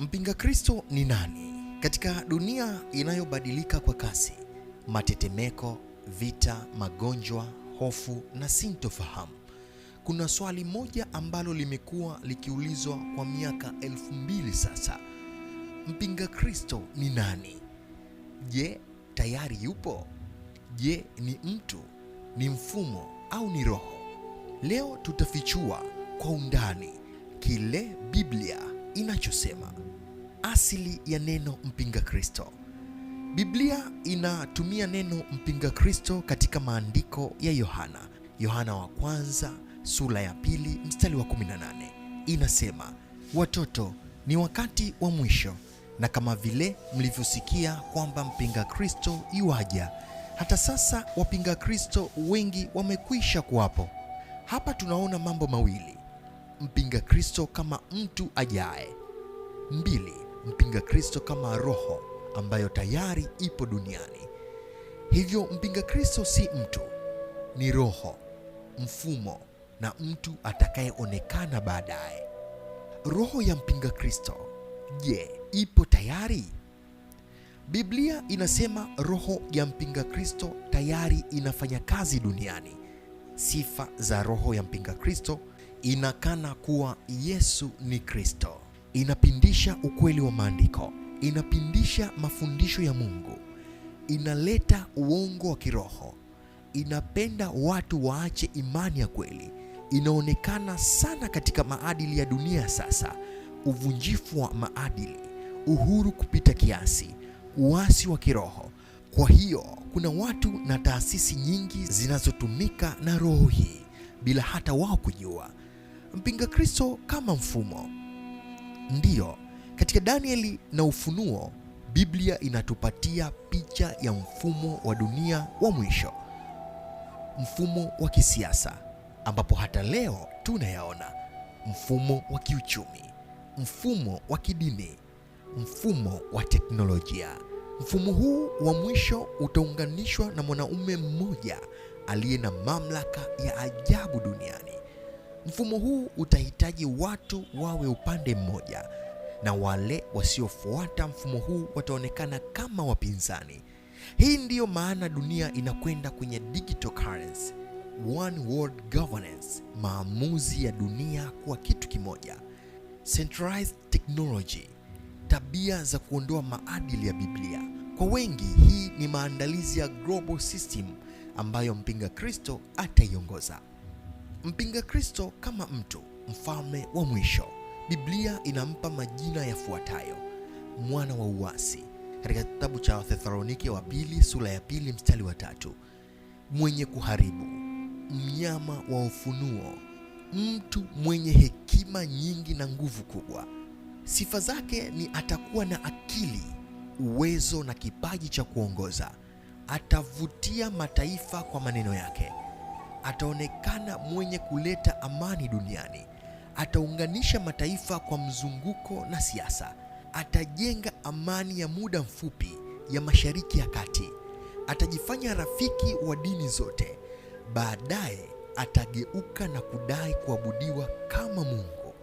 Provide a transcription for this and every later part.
Mpinga Kristo ni nani? Katika dunia inayobadilika kwa kasi, matetemeko, vita, magonjwa, hofu na sintofahamu, kuna swali moja ambalo limekuwa likiulizwa kwa miaka elfu mbili sasa: mpinga Kristo ni nani? Je, tayari yupo? Je, ni mtu, ni mfumo au ni roho? Leo tutafichua kwa undani kile Biblia inachosema, asili ya neno mpinga Kristo. Biblia inatumia neno mpinga Kristo katika maandiko ya Yohana. Yohana wa kwanza sula ya pili mstari wa 18 inasema, watoto, ni wakati wa mwisho, na kama vile mlivyosikia kwamba mpinga Kristo iwaja hata sasa wapinga Kristo wengi wamekwisha kuwapo. Hapa tunaona mambo mawili mpinga Kristo kama mtu ajaye. Mbili, mpinga Kristo kama roho ambayo tayari ipo duniani. Hivyo mpinga Kristo si mtu, ni roho, mfumo na mtu atakayeonekana baadaye. Roho ya mpinga Kristo, je, ipo tayari? Biblia inasema roho ya mpinga Kristo tayari inafanya kazi duniani. Sifa za roho ya mpinga Kristo inakana kuwa Yesu ni Kristo, inapindisha ukweli wa maandiko, inapindisha mafundisho ya Mungu, inaleta uongo wa kiroho, inapenda watu waache imani ya kweli. Inaonekana sana katika maadili ya dunia sasa, uvunjifu wa maadili, uhuru kupita kiasi, uasi wa kiroho. Kwa hiyo kuna watu na taasisi nyingi zinazotumika na roho hii bila hata wao kujua mpinga Kristo kama mfumo. Ndiyo, katika Danieli na Ufunuo, Biblia inatupatia picha ya mfumo wa dunia wa mwisho, mfumo wa kisiasa ambapo hata leo tunayaona, mfumo wa kiuchumi, mfumo wa kidini, mfumo wa teknolojia. Mfumo huu wa mwisho utaunganishwa na mwanaume mmoja aliye na mamlaka ya ajabu duniani. Mfumo huu utahitaji watu wawe upande mmoja, na wale wasiofuata mfumo huu wataonekana kama wapinzani. Hii ndiyo maana dunia inakwenda kwenye digital currency, one world governance, maamuzi ya dunia kuwa kitu kimoja, centralized technology, tabia za kuondoa maadili ya Biblia. Kwa wengi, hii ni maandalizi ya global system ambayo mpinga Kristo ataiongoza. Mpinga Kristo kama mtu mfalme wa mwisho, Biblia inampa majina yafuatayo: mwana wa uwasi katika kitabu cha Wathesalonike wa pili sura ya pili mstari wa tatu, mwenye kuharibu, mnyama wa ufunuo, mtu mwenye hekima nyingi na nguvu kubwa. Sifa zake ni atakuwa na akili, uwezo na kipaji cha kuongoza, atavutia mataifa kwa maneno yake ataonekana mwenye kuleta amani duniani. Ataunganisha mataifa kwa mzunguko na siasa. Atajenga amani ya muda mfupi ya Mashariki ya Kati. Atajifanya rafiki wa dini zote. Baadaye atageuka na kudai kuabudiwa kama Mungu.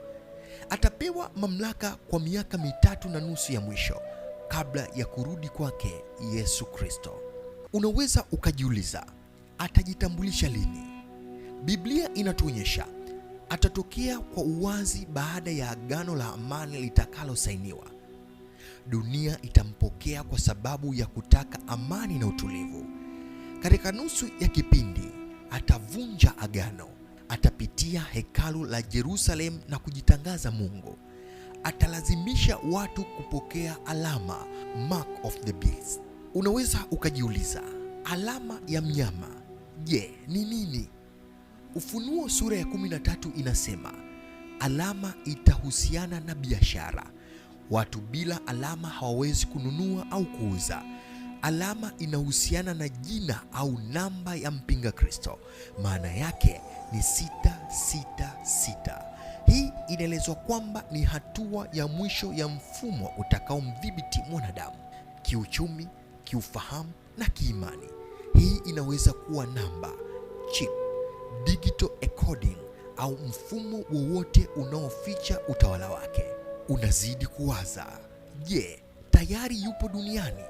Atapewa mamlaka kwa miaka mitatu na nusu ya mwisho kabla ya kurudi kwake Yesu Kristo. Unaweza ukajiuliza, Atajitambulisha lini? Biblia inatuonyesha atatokea kwa uwazi baada ya agano la amani litakalosainiwa. Dunia itampokea kwa sababu ya kutaka amani na utulivu. Katika nusu ya kipindi atavunja agano, atapitia hekalu la Yerusalemu na kujitangaza Mungu. Atalazimisha watu kupokea alama, mark of the beast. Unaweza ukajiuliza, alama ya mnyama Je, yeah, ni nini? Ufunuo sura ya 13 inasema alama itahusiana na biashara. Watu bila alama hawawezi kununua au kuuza. Alama inahusiana na jina au namba ya mpinga Kristo, maana yake ni sita sita sita. Hii inaelezwa kwamba ni hatua ya mwisho ya mfumo utakaomdhibiti mwanadamu kiuchumi, kiufahamu na kiimani. Hii inaweza kuwa namba, chip, digital encoding au mfumo wowote unaoficha utawala wake. Unazidi kuwaza, je, tayari yupo duniani?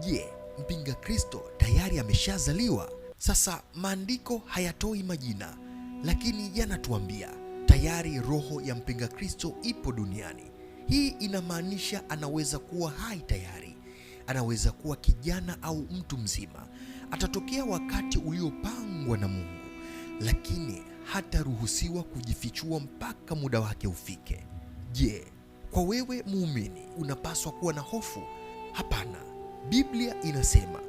Je, mpinga Kristo tayari ameshazaliwa? Sasa maandiko hayatoi majina, lakini yanatuambia tayari roho ya mpinga Kristo ipo duniani. Hii inamaanisha anaweza kuwa hai tayari anaweza kuwa kijana au mtu mzima, atatokea wakati uliopangwa na Mungu, lakini hataruhusiwa kujifichua mpaka muda wake ufike. Je, kwa wewe muumini unapaswa kuwa na hofu? Hapana. Biblia inasema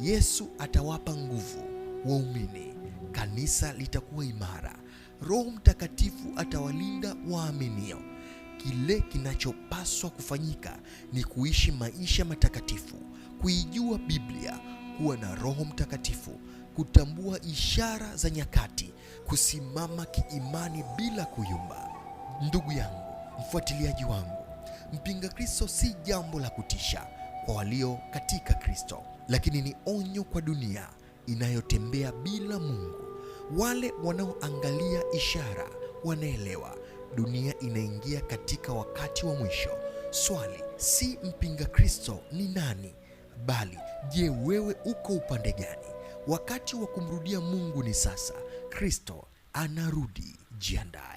Yesu atawapa nguvu waumini, kanisa litakuwa imara, Roho Mtakatifu atawalinda waaminio kile kinachopaswa kufanyika ni kuishi maisha matakatifu, kuijua Biblia, kuwa na Roho Mtakatifu, kutambua ishara za nyakati, kusimama kiimani bila kuyumba. Ndugu yangu, mfuatiliaji wangu, mpinga Kristo si jambo la kutisha kwa walio katika Kristo, lakini ni onyo kwa dunia inayotembea bila Mungu. Wale wanaoangalia ishara wanaelewa dunia inaingia katika wakati wa mwisho. Swali si mpinga Kristo ni nani, bali je, wewe uko upande gani? Wakati wa kumrudia Mungu ni sasa. Kristo anarudi, jiandaye.